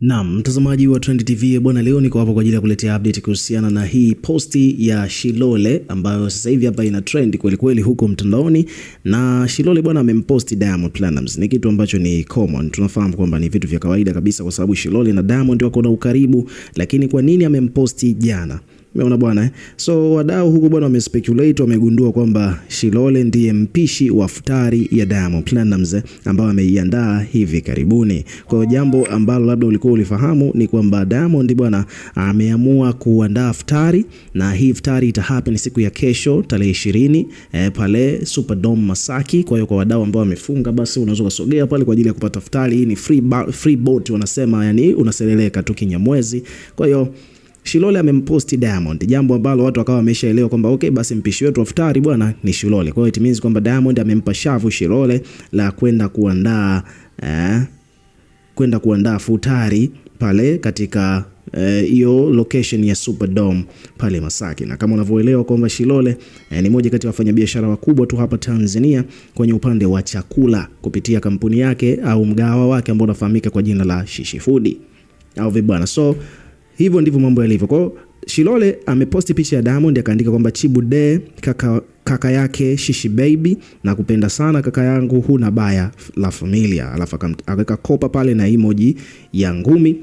Naam, mtazamaji wa Trend TV bwana, leo niko hapa kwa ajili ya kuletea update kuhusiana na hii posti ya Shilole ambayo sasa hivi hapa ina trend kweli kweli huko mtandaoni. Na Shilole bwana amemposti Diamond Platnumz, ni kitu ambacho ni common, tunafahamu kwamba ni vitu vya kawaida kabisa, kwa sababu Shilole na Diamond wako na ukaribu. Lakini kwa nini amemposti jana? Umeona bwana eh? So wadau huko bwana wamespeculate, wamegundua kwamba Shilole ndiye mpishi wa futari ya Diamond Platinumz eh, ambao ameiandaa hivi karibuni. Kwa jambo ambalo labda ulikuwa ulifahamu ni kwamba Diamond bwana ameamua kuandaa futari na hii futari ita happen siku ya kesho tarehe 20 eh, pale Superdome Masaki. Kwa hiyo kwa wadau ambao wamefunga, basi unaweza kusogea pale kwa ajili ya kupata futari. Hii ni free, free boat wanasema, yani unaseleleka tu kinyamwezi. Kwa hiyo Shilole amempost Diamond, jambo ambalo watu wakawa wameshaelewa kwamba okay, basi mpishi wetu aftari bwana ni Shilole. Kwa hiyo it means kwamba Diamond amempa shavu Shilole la kwenda kuandaa eh, kwenda kuandaa futari pale katika eh, hiyo uh, location ya Superdome pale Masaki, na kama unavyoelewa kwamba Shilole eh, ni moja kati ya wafanyabiashara wakubwa tu hapa Tanzania kwenye upande wa chakula kupitia kampuni yake au mgawa wake ambao unafahamika kwa jina la Shishi Food au vibwana so Hivyo ndivyo mambo yalivyo. Kwa hiyo Shilole ameposti picha ya Diamond akaandika kwamba Chibu de kaka, kaka yake Shishi baby na kupenda sana kaka yangu, huna baya la familia, alafu akaweka kopa pale na emoji ya ngumi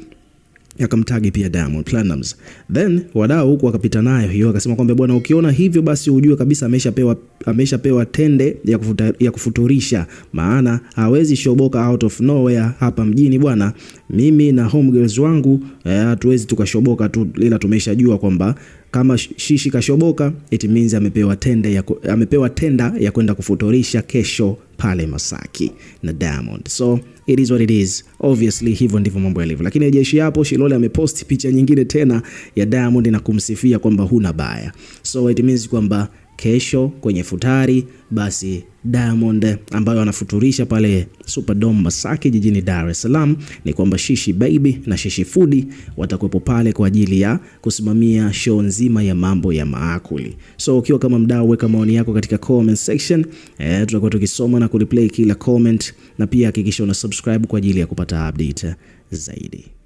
akamtagi pia Diamond Platnumz. Then wadau huku akapita nayo hiyo akasema kwamba bwana, ukiona hivyo basi ujue kabisa ameshapewa ameshapewa tende ya, kufuta, ya kufuturisha, maana hawezi shoboka out of nowhere hapa mjini bwana. Mimi na homegirls wangu eh, hatuwezi eh, tukashoboka tu, ila tumeshajua kwamba kama shishi kashoboka it means amepewa tende ya, amepewa tenda ya kwenda kufuturisha kesho pale Masaki na Diamond. So it is what it is. Obviously hivyo ndivyo mambo yalivyo, lakini jeshi hapo. Shilole ameposti picha nyingine tena ya Diamond na kumsifia kwamba huna baya, so it means kwamba kesho kwenye futari, basi Diamond ambayo anafuturisha pale Superdome Masaki jijini Dar es Salaam ni kwamba Shishi Baby na Shishi Fudi watakuwepo pale kwa ajili ya kusimamia show nzima ya mambo ya maakuli. So ukiwa kama mdau, weka maoni yako katika comment section eh, tutakuwa tukisoma na kureplay kila comment, na pia hakikisha una subscribe kwa ajili ya kupata update zaidi.